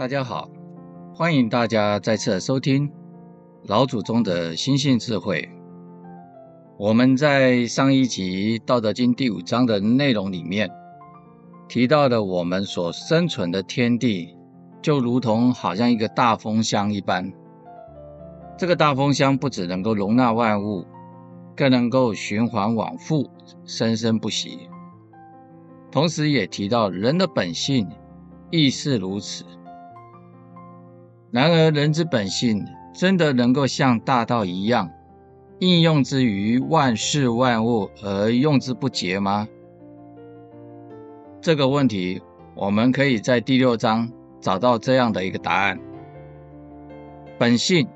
大家好，歡迎大家再次收聽老祖宗的心性智慧。我們在上一集《道德經》第五章的內容裡面提到的，我們所生存的天地，就如同好像一個大風箱一般。這個大風箱不只能夠容納萬物，更能夠循環往復，生生不息。同時，也提到人的本性亦是如此。然而，人之本性真的能夠像大道一樣，應用之於萬事萬物而用之不竭嗎？這個問題，我們可以在第六章找到這樣的一個答案。本性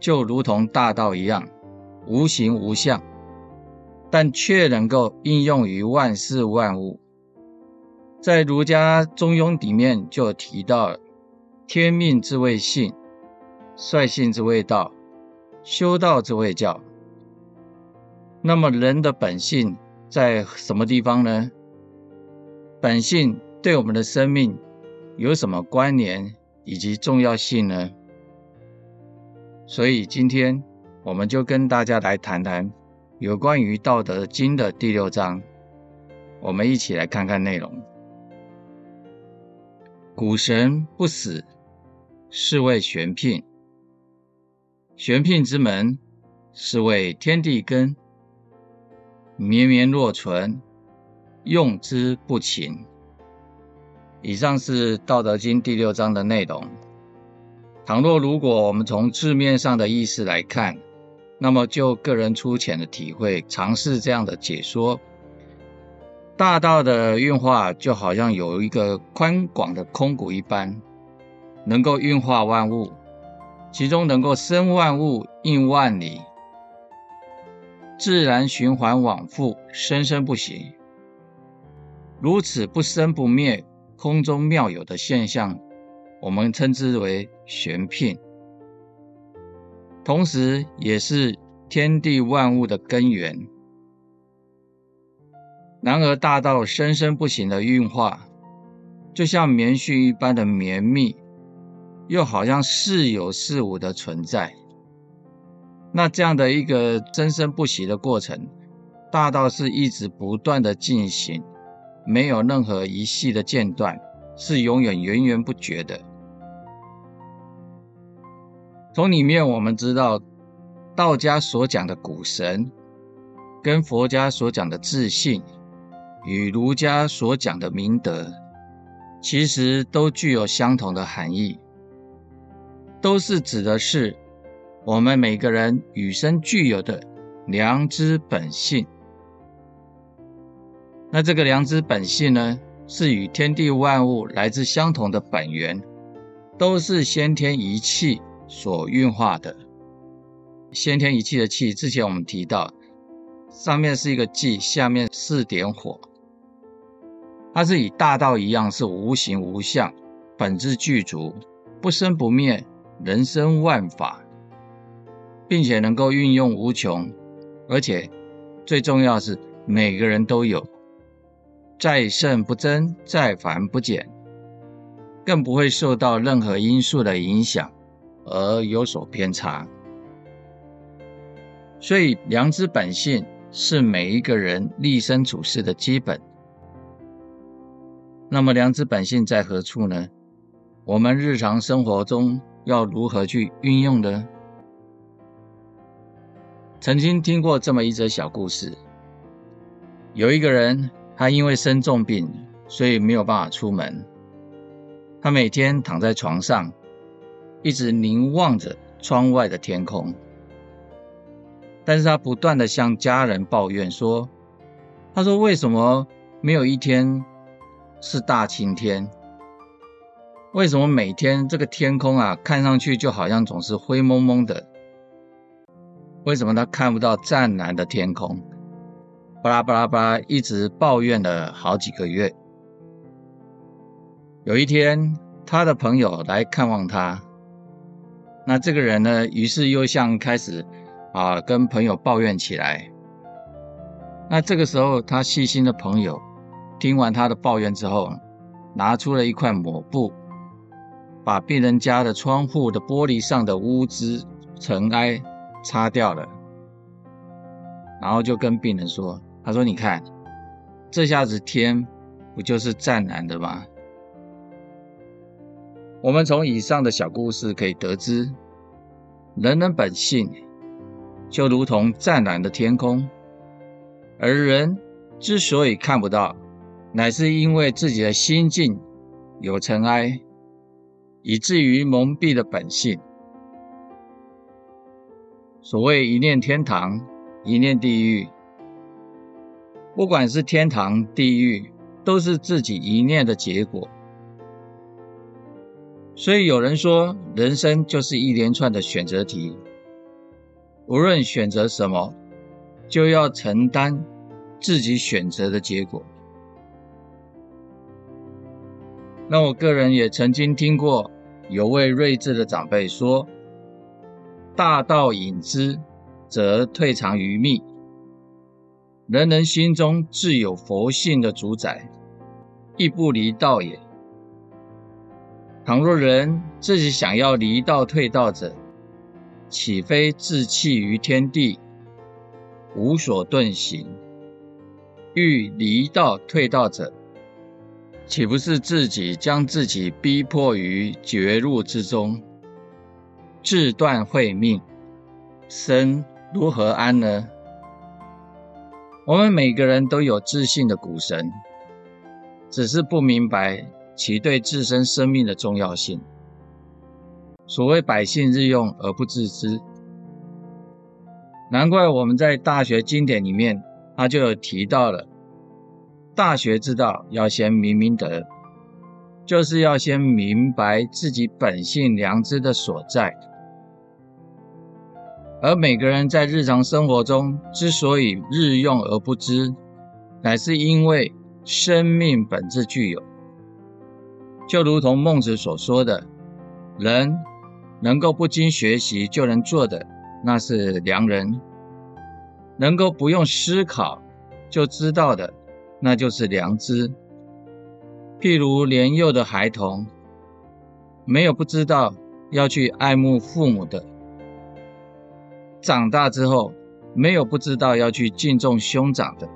就如同大道一樣，無形無相，但卻能夠應用於萬事萬物。在儒家《中庸》裡面就提到了。天命之謂性，率性之謂道，修道之謂教。那麼人的本性在什麼地方呢？本性對我們的生命有什麼關聯以及重要性呢？所以今天我們就跟大家來談談有關於《道德經》的第六章，我們一起來看看內容。谷神不死。是謂玄牝，玄牝之門，是謂天地根。綿綿若存，用之不勤。以上是《道德經》第六章的內容。倘若如果我們從字面上的意思來看，那麼就個人粗淺的體會，嘗試這樣的解說：大道的運化，就好像有一個寬廣的空谷一般。能夠運化萬物，其中能夠生萬物、應萬理，自然循環往復，生生不息。如此不生不滅、空中妙有的現象，我們稱之為玄牝。同時，也是天地萬物的根源。然而，大道生生不息的運化，就像棉絮一般的綿密。又好像似有似無的存在，那這樣的一個生生不息的過程，大道是一直不斷的進行，沒有任何一系的間斷，是永遠源源不絕的。從裡面我們知道，道家所講的谷神，跟佛家所講的自性，與儒家所講的明德，其實都具有相同的含義。都是指的是我們每個人與生俱有的良知本性。那這個良知本性呢，是與天地萬物來自相同的本源，都是先天一氣所運化的。先天一氣的氣，之前我們提到，上面是一個“旡”，下面四點火，它是以大道一樣，是無形無相，本質具足，不生不滅。人生萬法，並且能夠運用無窮，而且最重要是，每個人都有，在聖不增，在凡不減，更不會受到任何因素的影響而有所偏差。所以，良知本性是每一個人立身處世的基本。那麼，良知本性在何處呢？我們日常生活中，要如何去運用呢？曾經聽過這麼一則小故事，有一個人，他因為生重病，所以沒有辦法出門。他每天躺在床上，一直凝望着窗外的天空，但是他不斷地向家人抱怨說：“他說為什麼沒有一天是大晴天？”為什麼每天這個天空啊，看上去就好像總是灰蒙蒙的？為什麼他看不到湛藍的天空？巴拉巴拉巴拉，一直抱怨了好幾個月。有一天，他的朋友來看望他，那這個人呢，於是又像開始啊，跟朋友抱怨起來。那這個時候，他細心的朋友聽完他的抱怨之後，拿出了一塊抹布。把病人家的窗戶的玻璃上的污漬、塵埃擦掉了，然後就跟病人說：“他說，你看，這下子天不就是湛藍的嗎？”我們從以上的小故事可以得知，人人本性就如同湛藍的天空，而人之所以看不到，乃是因為自己的心境有塵埃。以至於蒙蔽了本性。所謂一念天堂，一念地獄，不管是天堂、地獄，都是自己一念的結果。所以有人說，人生就是一連串的選擇題，無論選擇什麼，就要承擔自己選擇的結果。那我個人也曾經聽過。有位睿智的長輩說：“大道隱之，則退藏於密。人人心中自有佛性的主宰，亦不離道也。倘若人自己想要離道退道者，豈非自棄於天地，無所遁形？欲離道退道者。”豈不是自己將自己逼迫於絕路之中，自斷慧命，身如何安呢？我們每個人都有自性谷神，只是不明白其對自身生命的重要性。所謂百姓日用而不自知，難怪我們在大學經典裡面，他就有提到了。大學之道，要先明明德，就是要先明白自己本性良知的所在。而每個人在日常生活中之所以日用而不知，乃是因為生命本質具有。就如同孟子所說的，人能夠不經學習就能做的，那是良人；能夠不用思考就知道的。那就是良知。譬如年幼的孩童，沒有不知道要去愛慕父母的；長大之後，沒有不知道要去敬重兄長的。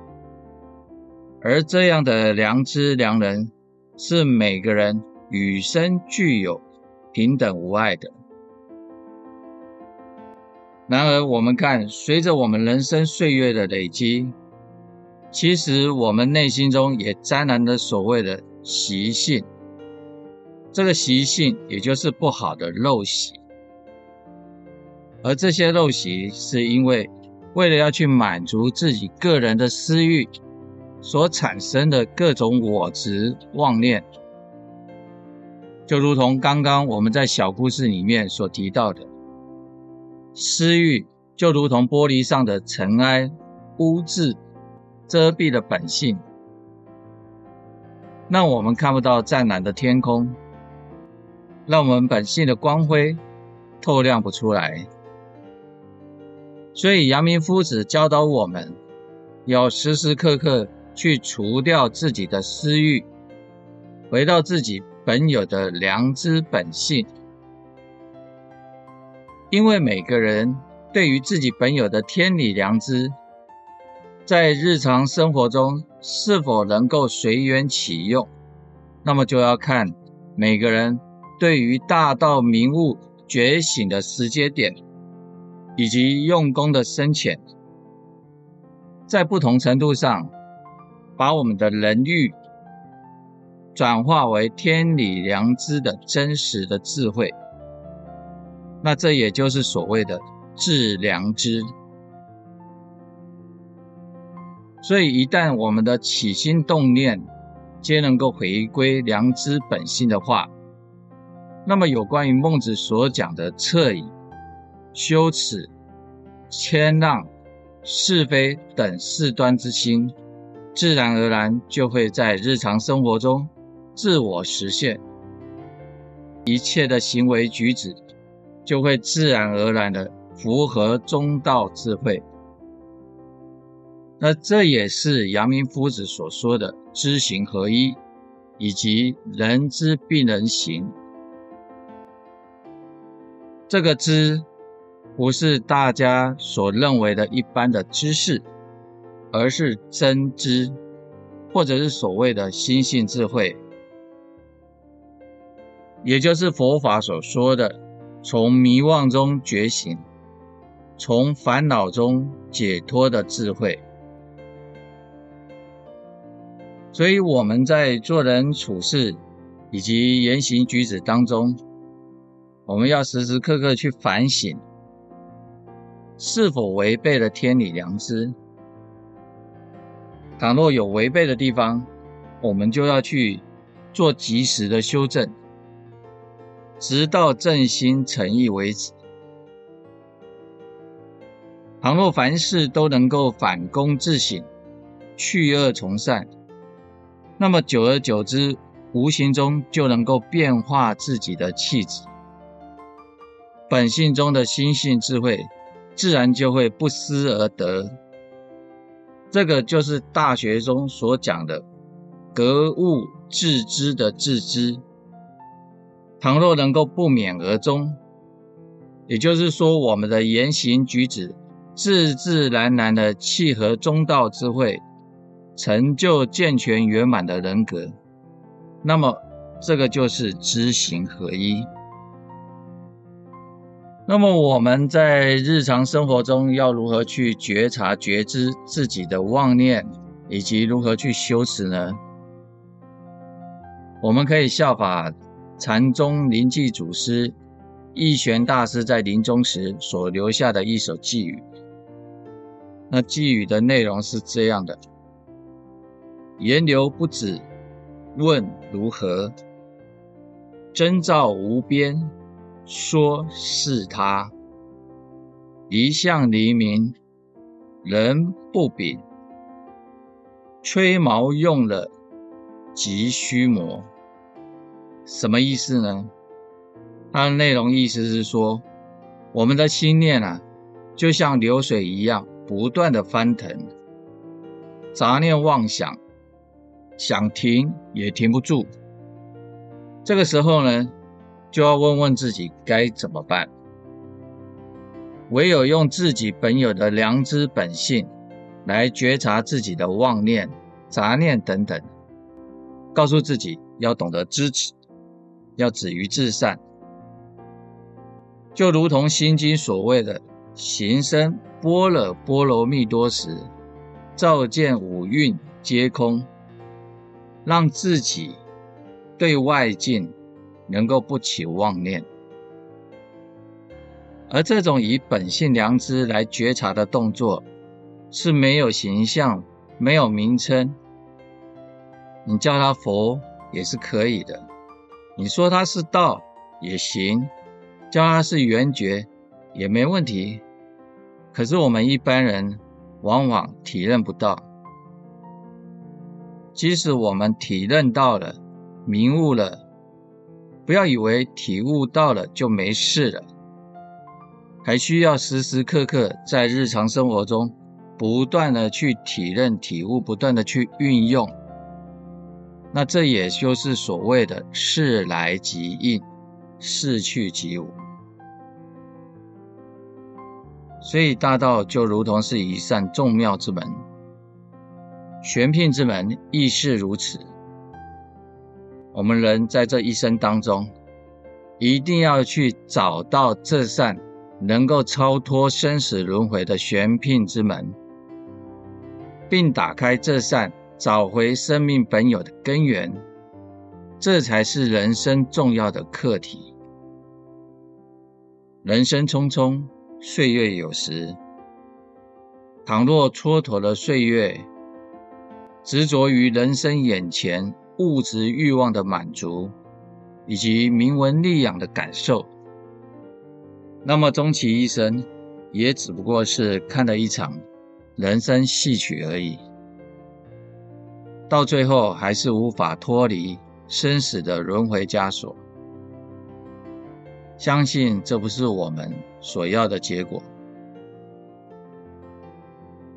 而這樣的良知良能，是每個人與生俱有、平等無礙的。然而，我們看，隨着我們人生歲月的累積，其實我們內心中也沾染了所謂的習性，這個習性也就是不好的陋習，而這些陋習是因為為了要去滿足自己個人的私欲所產生的各種我執妄念，就如同剛剛我們在小故事裡面所提到的，私欲就如同玻璃上的塵埃、污漬。遮蔽了本性，讓我們看不到湛藍的天空，讓我們本性的光輝透亮不出來。所以，陽明夫子教導我們，要時時刻刻去除掉自己的私欲，回到自己本有的良知本性。因為每個人對於自己本有的天理良知，在日常生活中是否能夠隨緣起用，那麼就要看每個人對於大道明悟覺醒的時間點，以及用功的深淺，在不同程度上把我們的人欲轉化為天理良知的真實的智慧，那這也就是所謂的致良知。所以，一旦我們的起心動念皆能夠回歸良知本性的話，那麼有關於孟子所講的惻隱、羞恥、謙讓、是非等四端之心，自然而然就會在日常生活中自我實現，一切的行為舉止就會自然而然的符合中道智慧。那這也是陽明夫子所說的“知行合一”，以及“人知必能行”。這個“知”不是大家所認為的一般的知識，而是真知，或者是所謂的心性智慧，也就是佛法所說的從迷惘中覺醒、從煩惱中解脫的智慧。所以我們在做人處事以及言行舉止當中，我們要時時刻刻去反省，是否違背了天理良知。倘若有違背的地方，我們就要去做及時的修正，直到正心誠意為止。倘若凡事都能夠反躬自省，去惡從善。那麼久而久之，無形中就能夠變化自己的氣質，本性中的心性智慧，自然就會不思而得。這個就是大學中所講的格物致知的致知。倘若能夠不勉而中，也就是說，我們的言行舉止自自然然的契合中道智慧。成就健全圓滿的人格，那麼這個就是知行合一。那麼我們在日常生活中要如何去覺察、覺知自己的妄念，以及如何去修持呢？我們可以效法禪宗臨濟祖師義玄大師在臨終時所留下的一首偈語，那偈語的內容是這樣的。言流不止，問如何？徵兆無邊，說是他。一向黎明，人不比。吹毛用了，急須磨。什麼意思呢？它的內容意思是說，我們的心念啊，就像流水一樣，不斷的翻騰，雜念妄想。想停也停不住，這個時候呢，就要問問自己該怎麼辦。唯有用自己本有的良知本性來覺察自己的妄念、雜念等等，告訴自己要懂得知恥，要止於至善。就如同《心經》所謂的“行深般若波羅蜜多時，照見五蘊皆空”。讓自己對外境能夠不起妄念，而這種以本性良知來覺察的動作是沒有形象、沒有名稱。你叫他佛也是可以的，你說他是道也行，叫他是圓覺也沒問題。可是我們一般人往往體認不到。即使我們體認到了，明悟了，不要以為體悟到了就沒事了，還需要時時刻刻在日常生活中不斷的去體認、體悟，不斷的去運用。那這也就是所謂的“事來即應，事去即無”。所以大道就如同是一扇眾妙之門。玄牝之門亦是如此。我們人在這一生當中，一定要去找到這扇能夠超脫生死輪迴的玄牝之門，並打開這扇，找回生命本有的根源，這才是人生重要的課題。人生匆匆，歲月有時，倘若蹉跎了歲月，執着於人生眼前物質慾望的滿足，以及名聞利養的感受，那麼終其一生，也只不過是看了一場人生戲曲而已。到最後，還是無法脫離生死的輪迴枷鎖。相信這不是我們所要的結果。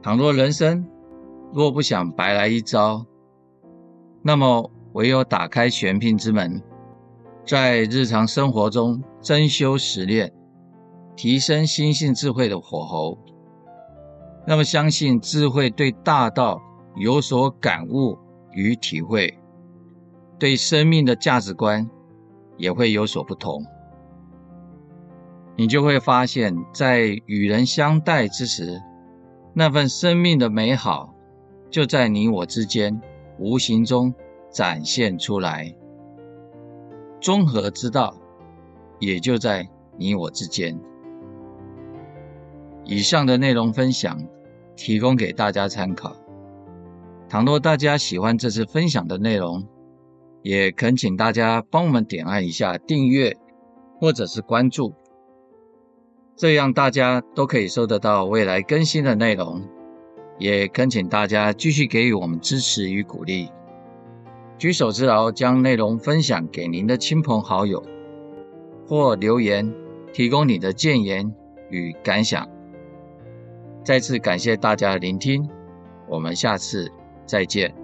倘若人生，若不想白來一遭，那麼唯有打開玄牝之門，在日常生活中真修實練，提升心性智慧的火候。那麼，相信智慧對大道有所感悟與體會，對生命的價值觀也會有所不同。你就會發現，在與人相待之時，那份生命的美好。就在你我之間，無形中展現出來。中和之道也就在你我之間。以上的內容分享提供給大家參考。倘若大家喜歡這次分享的內容，也懇請大家幫我們點按一下訂閱或者是關注，這樣大家都可以收得到未來更新的內容。也懇請大家繼續給予我們支持與鼓勵，舉手之勞將內容分享給您的親朋好友，或留言提供你的建言與感想。再次感謝大家的聆聽，我們下次再見。